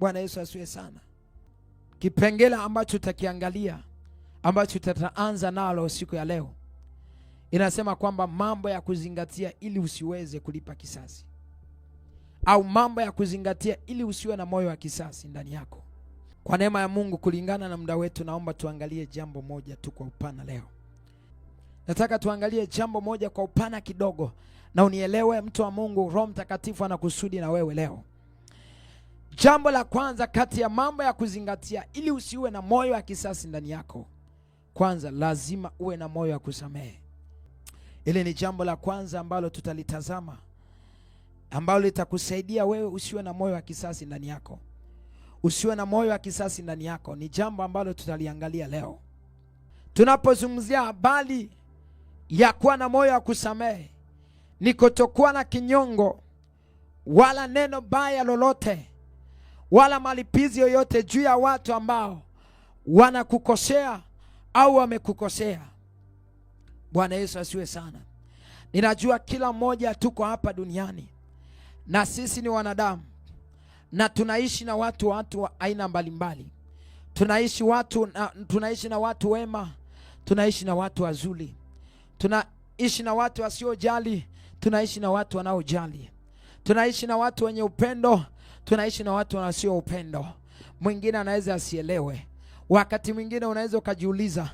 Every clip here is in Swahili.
Bwana Yesu asiwe sana. Kipengele ambacho tutakiangalia ambacho tutaanza nalo siku ya leo inasema kwamba mambo ya kuzingatia ili usiweze kulipa kisasi, au mambo ya kuzingatia ili usiwe na moyo wa kisasi ndani yako. Kwa neema ya Mungu, kulingana na muda wetu, naomba tuangalie jambo moja tu kwa upana leo. Nataka tuangalie jambo moja kwa upana kidogo, na unielewe mtu wa Mungu. Roho Mtakatifu ana kusudi na wewe leo. Jambo la kwanza kati ya mambo ya kuzingatia ili usiwe na moyo wa kisasi ndani yako, kwanza lazima uwe na moyo wa kusamehe. Ile ni jambo la kwanza ambalo tutalitazama, ambalo litakusaidia wewe usiwe na moyo wa kisasi ndani yako. Usiwe na moyo wa kisasi ndani yako ni jambo ambalo tutaliangalia leo tunapozungumzia habari ya kuwa na moyo wa kusamehe, ni kutokuwa na kinyongo wala neno baya lolote wala malipizi yoyote juu ya watu ambao wanakukosea au wamekukosea. Bwana Yesu asiwe sana. Ninajua kila mmoja tuko hapa duniani na sisi ni wanadamu na tunaishi na watu watu wa aina mbalimbali tunaishi watu na, tunaishi na watu wema, tunaishi na watu wazuri, tunaishi na watu wasiojali, tunaishi na watu wanaojali, tunaishi na watu wenye upendo Tunaishi na watu wasio upendo, mwingine anaweza asielewe. Wakati mwingine unaweza ukajiuliza,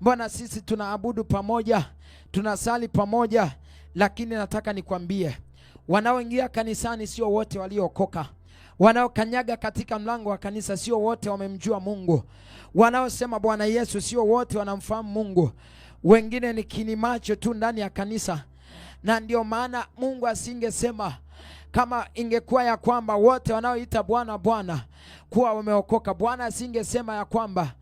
mbona sisi tunaabudu pamoja, tunasali pamoja, lakini nataka nikwambie wanaoingia kanisani sio wote waliookoka. Wanaokanyaga katika mlango wa kanisa sio wote wamemjua Mungu. Wanaosema Bwana Yesu sio wote wanamfahamu Mungu. Wengine ni kinimacho tu ndani ya kanisa, na ndio maana Mungu asingesema kama ingekuwa ya kwamba wote wanaoita Bwana Bwana kuwa wameokoka, Bwana asingesema ya kwamba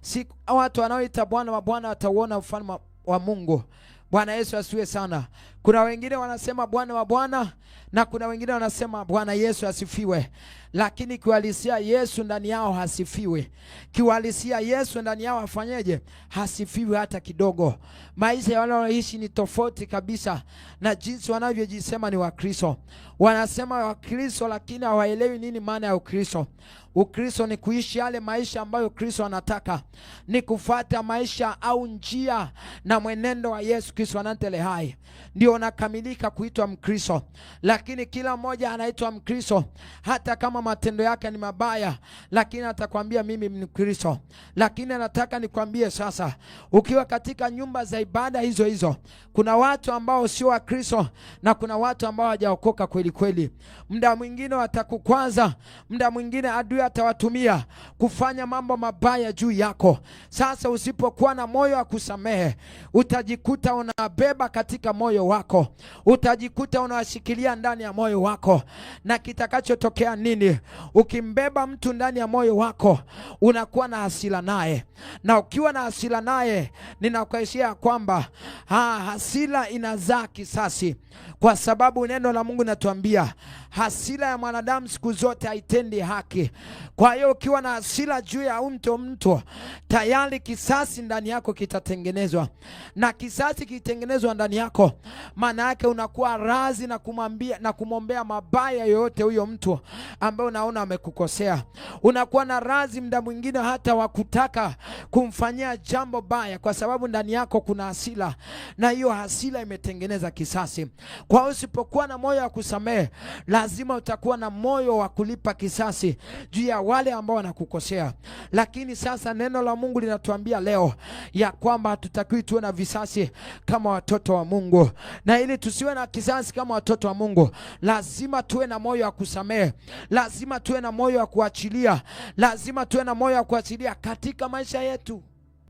si watu wanaoita Bwana wa Bwana watauona ufalme wa Mungu. Bwana Yesu asiwe sana. Kuna wengine wanasema Bwana wa Bwana na kuna wengine wanasema Bwana Yesu asifiwe lakini kiwalisia Yesu ndani yao hasifiwi. kiwalisia Yesu ndani yao afanyeje? Hasifiwi hata kidogo. Maisha wanaoishi ni tofauti kabisa na jinsi wanavyojisema ni Wakristo. Wanasema Wakristo, lakini hawaelewi nini maana ya Ukristo. Ukristo ni kuishi yale maisha ambayo Kristo anataka, ni kufuata maisha au njia na mwenendo wa Yesu Kristo anatele hai, ndio unakamilika kuitwa Mkristo. Lakini kila mmoja anaitwa Mkristo hata kama matendo yake ni mabaya, lakini atakwambia mimi ni Mkristo. Lakini anataka nikwambie sasa, ukiwa katika nyumba za ibada hizo hizo, kuna watu ambao sio Wakristo na kuna watu ambao hawajaokoka kweli kweli. Muda mwingine watakukwaza, muda mwingine adui atawatumia kufanya mambo mabaya juu yako. Sasa usipokuwa na moyo wa kusamehe, utajikuta unabeba katika moyo wako, utajikuta unawashikilia ndani ya moyo wako, na kitakachotokea nini? Ukimbeba mtu ndani ya moyo wako unakuwa na hasira naye, na ukiwa na hasira naye, ninakuhakikishia kwamba ha, ah, hasira inazaa kisasi, kwa sababu neno la Mungu natuambia hasira ya mwanadamu siku zote haitendi haki. Kwa hiyo ukiwa na hasira juu ya mtu mtu, tayari kisasi ndani yako kitatengenezwa, na kisasi kitengenezwa ndani yako, maana yake unakuwa razi na kumwambia na kumwombea mabaya yoyote huyo mtu ambaye unaona amekukosea. Unakuwa na razi mda mwingine hata wa kutaka kumfanyia jambo baya, kwa sababu ndani yako kuna hasira, na hiyo hasira imetengeneza kisasi. Kwa hiyo usipokuwa na moyo wa kusamehe la lazima utakuwa na moyo wa kulipa kisasi juu ya wale ambao wanakukosea. Lakini sasa neno la Mungu linatuambia leo ya kwamba hatutakiwi tuwe na visasi kama watoto wa Mungu, na ili tusiwe na kisasi kama watoto wa Mungu, lazima tuwe na moyo wa kusamehe, lazima tuwe na moyo wa kuachilia, lazima tuwe na moyo wa kuachilia katika maisha yetu.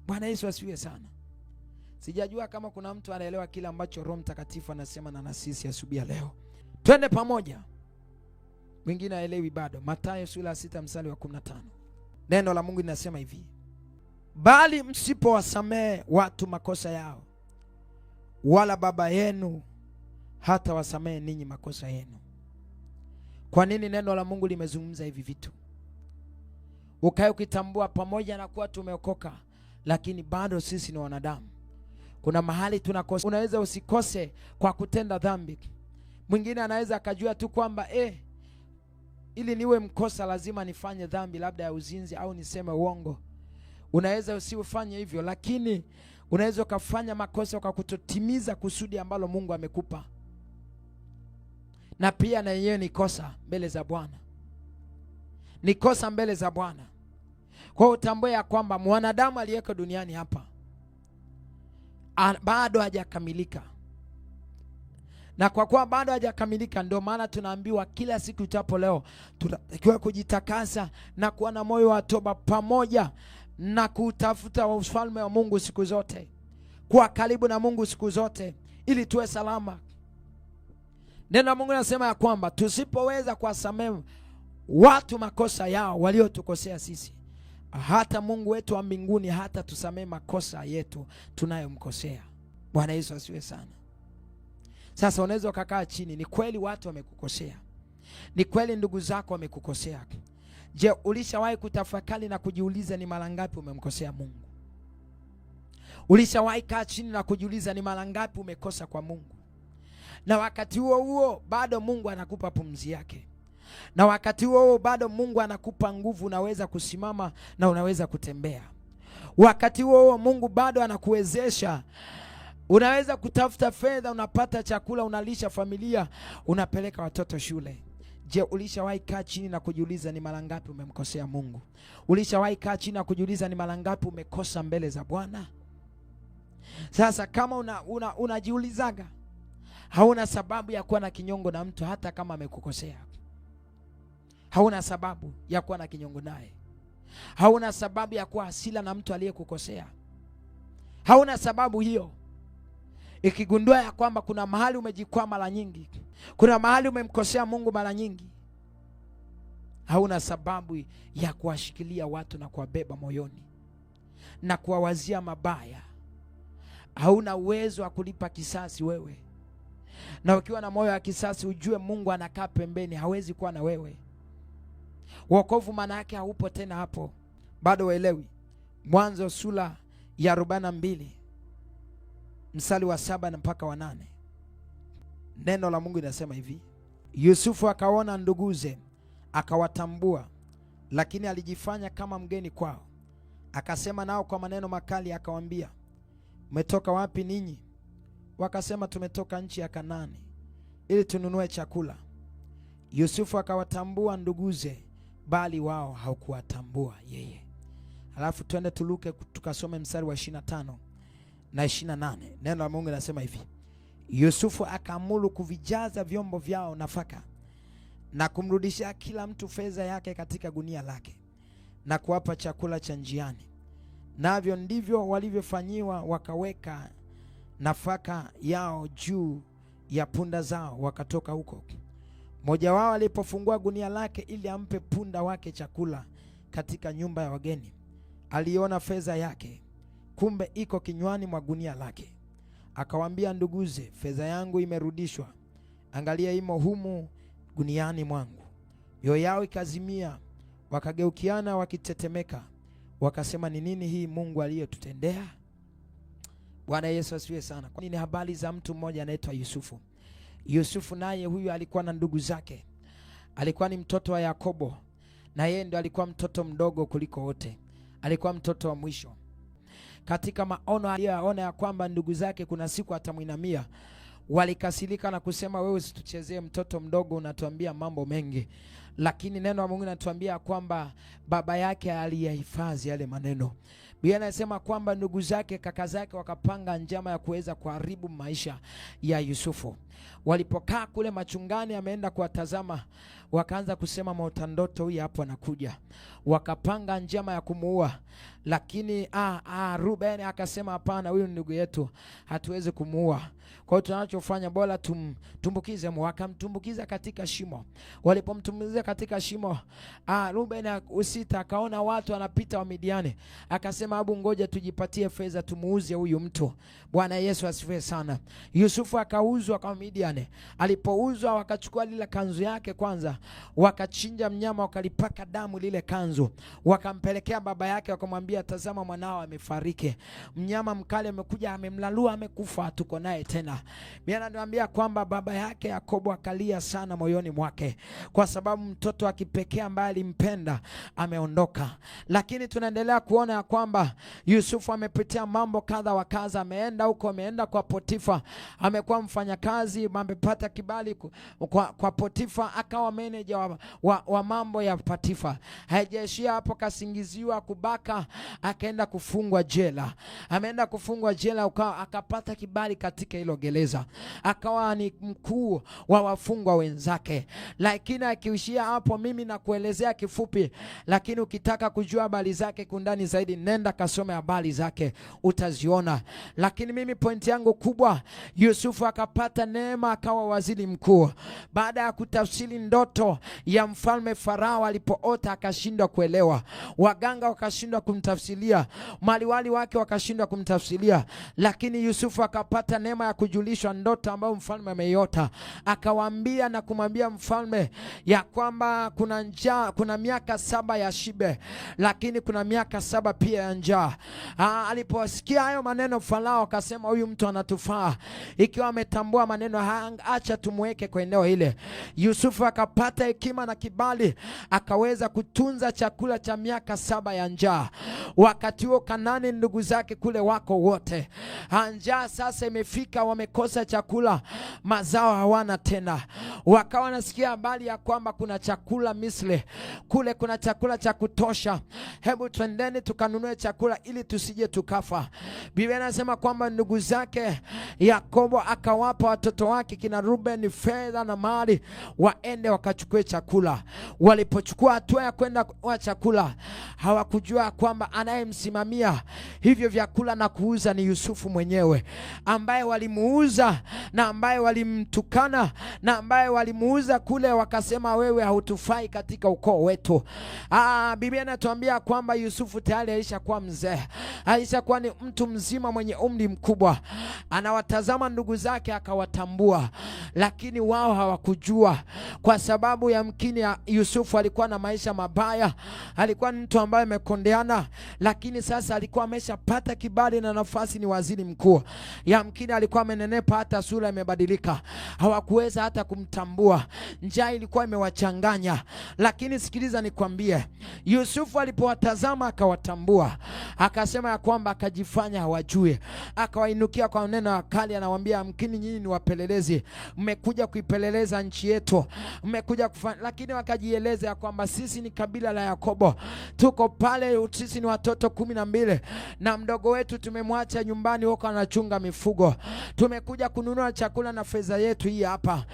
Bwana Yesu asifiwe sana. Sijajua kama kuna mtu anaelewa kile ambacho Roho Mtakatifu anasema na nasisi asubuhi ya leo. Twende pamoja mwingine haelewi bado. Mathayo sura ya sita mstari wa 15. Neno la Mungu linasema hivi, bali msipowasamehe watu makosa yao, wala Baba yenu hata wasamehe ninyi makosa yenu. Kwa nini neno la Mungu limezungumza hivi vitu? Ukae ukitambua pamoja na kuwa tumeokoka, lakini bado sisi ni wanadamu. Kuna mahali tunakosa. Unaweza usikose kwa kutenda dhambi, mwingine anaweza akajua tu kwamba eh, ili niwe mkosa lazima nifanye dhambi labda ya uzinzi au niseme uongo. Unaweza usifanye hivyo, lakini unaweza ukafanya makosa kwa kutotimiza kusudi ambalo Mungu amekupa, na pia na yenyewe ni kosa mbele za Bwana, ni kosa mbele za Bwana. Kwa hiyo utambue ya kwamba mwanadamu aliyeko duniani hapa bado hajakamilika na kwa kuwa bado hajakamilika, ndio maana tunaambiwa kila siku itapo leo tunatakiwa kujitakasa na kuwa na moyo wa toba pamoja na kutafuta ufalme wa Mungu siku zote, kuwa karibu na Mungu siku zote ili tuwe salama. Neno la Mungu linasema ya kwamba tusipoweza kuwasamehe watu makosa yao waliotukosea sisi, hata Mungu wetu wa mbinguni hata tusamehe makosa yetu tunayomkosea. Bwana Yesu asiwe sana sasa unaweza ukakaa chini. Ni kweli watu wamekukosea, ni kweli ndugu zako wamekukosea. Je, ulishawahi kutafakari na kujiuliza ni mara ngapi umemkosea Mungu? Ulishawahi kaa chini na kujiuliza ni mara ngapi umekosa kwa Mungu? Na wakati huo huo bado Mungu anakupa pumzi yake, na wakati huo huo bado Mungu anakupa nguvu, unaweza kusimama na unaweza kutembea. Wakati huo huo Mungu bado anakuwezesha Unaweza kutafuta fedha, unapata chakula, unalisha familia, unapeleka watoto shule. Je, ulishawahi kaa chini na kujiuliza ni mara ngapi umemkosea Mungu? Ulishawahi kaa chini na kujiuliza ni mara ngapi umekosa mbele za Bwana? Sasa kama una, una, unajiulizaga hauna sababu ya kuwa na kinyongo na mtu, hata kama amekukosea hauna sababu ya kuwa na kinyongo naye, hauna sababu ya kuwa hasila na mtu aliyekukosea, hauna sababu hiyo ikigundua ya kwamba kuna mahali umejikwaa mara nyingi, kuna mahali umemkosea Mungu mara nyingi, hauna sababu ya kuwashikilia watu na kuwabeba moyoni na kuwawazia mabaya. Hauna uwezo wa kulipa kisasi wewe, na ukiwa na moyo wa kisasi, ujue Mungu anakaa pembeni, hawezi kuwa na wewe. Wokovu maana yake haupo tena hapo, bado waelewi. Mwanzo sura ya arobaini na mbili mstari wa saba na mpaka wa nane neno la Mungu linasema hivi: Yusufu akaona nduguze akawatambua, lakini alijifanya kama mgeni kwao, akasema nao kwa maneno makali, akawambia mmetoka wapi ninyi? Wakasema, tumetoka nchi ya kanani ili tununue chakula. Yusufu akawatambua nduguze, bali wao hawakuwatambua yeye. Alafu twende tuluke tukasome mstari wa 25 na 28 neno la Mungu linasema hivi: Yusufu akaamuru kuvijaza vyombo vyao nafaka na kumrudishia kila mtu fedha yake katika gunia lake na kuwapa chakula cha njiani. Navyo ndivyo walivyofanyiwa, wakaweka nafaka yao juu ya punda zao, wakatoka huko. Mmoja wao alipofungua gunia lake ili ampe punda wake chakula katika nyumba ya wageni, aliona fedha yake kumbe iko kinywani mwa gunia lake. Akawaambia nduguze, fedha yangu imerudishwa, angalia imo humu guniani mwangu. Mioyo yao ikazimia, wakageukiana wakitetemeka, wakasema ni nini hii Mungu aliyotutendea? Bwana Yesu asifiwe sana. Kwa nini? Habari za mtu mmoja anaitwa Yusufu. Yusufu naye huyu alikuwa na ndugu zake, alikuwa ni mtoto wa Yakobo, na yeye ndo alikuwa mtoto mdogo kuliko wote, alikuwa mtoto wa mwisho katika maono aliyoyaona ya kwamba ndugu zake kuna siku atamwinamia. Walikasirika na kusema, wewe usituchezee mtoto mdogo, unatuambia mambo mengi. Lakini neno la Mungu linatuambia kwamba baba yake aliyahifadhi yale maneno. Biblia inasema kwamba ndugu zake, kaka zake wakapanga njama ya kuweza kuharibu maisha ya Yusufu. Walipokaa kule machungani, ameenda kuwatazama, wakaanza kusema, mautandoto huyu hapo anakuja. Wakapanga njama ya kumuua, lakini ah, ah, Ruben akasema hapana, huyu ndugu yetu hatuwezi kumuua. Kwa hiyo tunachofanya bora tumtumbukize, wakamtumbukiza katika shimo. Walipomtumbukiza katika shimo, ah, Ruben usita akaona watu wanapita wa Midiani, akasema abu, ngoja tujipatie fedha tumuuze huyu mtu. Bwana Yesu asifiwe sana. Yusufu akauzwa kwa Midiani. Alipouzwa wakachukua lile kanzu yake kwanza, wakachinja mnyama, wakalipaka damu lile kanzu, wakampelekea baba yake, wakamwambia akamwambia, tazama mwanao amefariki, mnyama mkali amekuja amemlalua, amekufa, tuko naye tena. Mimi ananiambia kwamba baba yake Yakobo akalia sana moyoni mwake, kwa sababu mtoto wa kipekee ambaye alimpenda ameondoka. Lakini tunaendelea kuona ya kwamba Yusufu amepitia mambo kadha wa kadha, ameenda huko, ameenda kwa Potifa, amekuwa mfanyakazi, amepata kibali kwa, kwa Potifa, akawa meneja wa, wa, wa mambo ya Potifa. Haijaishia hapo, kasingiziwa kubaka akaenda kufungwa jela, ameenda kufungwa jela ukawa, akapata kibali katika hilo gereza, akawa ni mkuu wa wafungwa wenzake. Lakini akiishia hapo, mimi nakuelezea kifupi, lakini ukitaka kujua habari zake kundani zaidi, nenda kasome habari zake utaziona. Lakini mimi pointi yangu kubwa, Yusufu akapata neema, akawa waziri mkuu baada ya kutafsiri ndoto ya mfalme Farao alipoota, akashindwa kuelewa, waganga wakashindwa kumta kumtafsiria, maliwali wake wakashindwa kumtafsiria, lakini Yusufu akapata neema ya kujulishwa ndoto ambayo mfalme ameiota, akawaambia na kumwambia mfalme ya kwamba kuna njaa, kuna miaka saba ya shibe, lakini kuna miaka saba pia ya njaa. Ah, Aliposikia hayo maneno, Farao akasema huyu mtu anatufaa, ikiwa ametambua maneno haya, acha tumweke kwa eneo hile. Yusufu akapata hekima na kibali, akaweza kutunza chakula cha miaka saba ya njaa. Wakati huo Kanani ndugu zake kule wako wote, njaa sasa imefika, wamekosa chakula, mazao hawana tena. Wakawa nasikia habari ya kwamba kuna chakula Misri, kule kuna chakula cha kutosha, hebu twendeni tukanunue chakula ili tusije tukafa. Biblia inasema kwamba ndugu zake Yakobo akawapa watoto wake kina Rubeni fedha na mali, waende wakachukue chakula. Walipochukua hatua ya kwenda kwa chakula, hawakujua kwamba anayemsimamia hivyo vyakula na kuuza ni Yusufu mwenyewe, ambaye walimuuza na ambaye walimtukana na ambaye walimuuza kule, wakasema wewe hautufai katika ukoo wetu. Ah, Biblia inatuambia kwamba Yusufu tayari alishakuwa mzee, alishakuwa ni mtu mzima mwenye umri mkubwa. Anawatazama ndugu zake akawatambua, lakini wao hawakujua kwa sababu yamkini ya Yusufu alikuwa na maisha mabaya, alikuwa ni mtu ambaye amekondeana lakini sasa alikuwa ameshapata kibali na nafasi, ni waziri mkuu. Yamkini alikuwa amenenepa, hata sura imebadilika, hawakuweza hata kumtambua. Njaa ilikuwa imewachanganya, lakini sikiliza nikwambie, Yusufu alipowatazama akawatambua, akasema ya kwamba akajifanya hawajui, akawainukia kwa neno kali, anawaambia yamkini nyinyi ni wapelelezi, mmekuja kuipeleleza nchi yetu, mmekuja kufanya, lakini wakajieleza ya kwamba sisi ni kabila la Yakobo, tuko pale, sisi ni watoto kumi na mbili na mdogo wetu tumemwacha nyumbani huko anachunga mifugo. Tumekuja kununua chakula na fedha yetu hii hapa.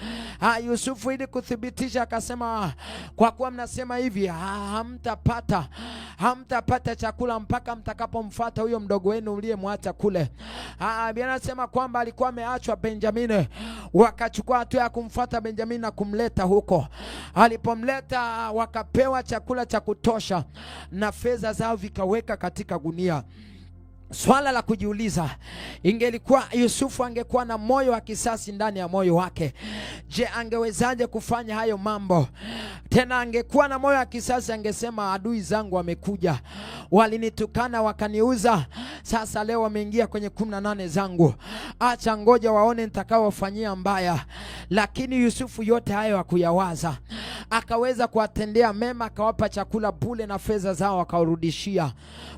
Ha, Yusufu ili kuthibitisha akasema, kwa kuwa mnasema hivi hamtapata ha, hamtapata chakula mpaka mtakapomfuata huyo mdogo wenu uliyemwacha kule. Ha, Biblia inasema kwamba alikuwa ameachwa Benjamini, wakachukua hatua ya kumfuata Benjamini na kumleta huko. Alipomleta wakapewa chakula cha kutosha na fedha zao vika akaweka katika gunia. Swala la kujiuliza, ingelikuwa Yusufu angekuwa na moyo wa kisasi ndani ya moyo wake, je, angewezaje kufanya hayo mambo? Tena angekuwa na moyo wa kisasi, angesema adui zangu wamekuja, walinitukana, wakaniuza, sasa leo wameingia kwenye kumi na nane zangu, acha ngoja waone nitakaowafanyia mbaya. Lakini Yusufu yote hayo hakuyawaza akaweza kuwatendea mema, akawapa chakula bule na fedha zao akawarudishia.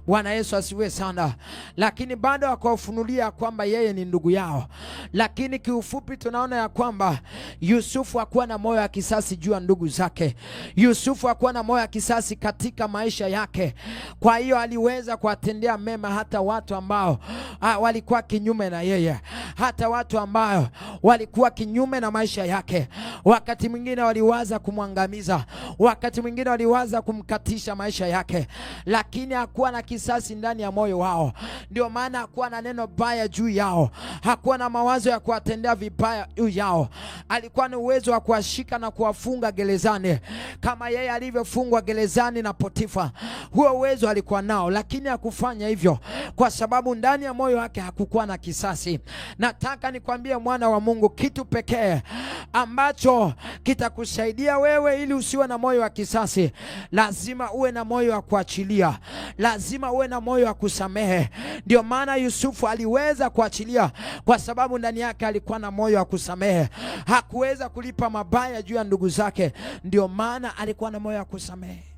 Bwana Yesu asiwe sana, lakini bado akawafunulia kwamba yeye ni ndugu yao. Lakini kiufupi tunaona ya kwamba Yusufu hakuwa na moyo wa kisasi juu ya ndugu zake. Yusufu hakuwa na moyo wa kisasi katika maisha yake, kwa hiyo aliweza kuwatendea mema hata watu ambao ha, ah, walikuwa kinyume na yeye, hata watu ambao walikuwa kinyume na maisha yake. Wakati mwingine waliwaza kumwanga kumwangamiza. Wakati mwingine waliwaza kumkatisha maisha yake, lakini hakuwa na kisasi ndani ya moyo wao. Ndio maana hakuwa na neno baya juu yao, hakuwa na mawazo ya kuwatendea vibaya juu yao. Alikuwa na uwezo wa kuwashika na kuwafunga gerezani kama yeye alivyofungwa gerezani na Potifa. Huo uwezo alikuwa nao, lakini hakufanya hivyo kwa sababu ndani ya moyo wake hakukuwa na kisasi. Nataka nikwambie mwana wa Mungu, kitu pekee ambacho kitakusaidia wewe wewe, ili usiwe na moyo wa kisasi, lazima uwe na moyo wa kuachilia, lazima uwe na moyo wa kusamehe. Ndio maana Yusufu aliweza kuachilia kwa sababu ndani yake alikuwa na moyo wa kusamehe. Hakuweza kulipa mabaya juu ya ndugu zake, ndio maana alikuwa na moyo wa kusamehe.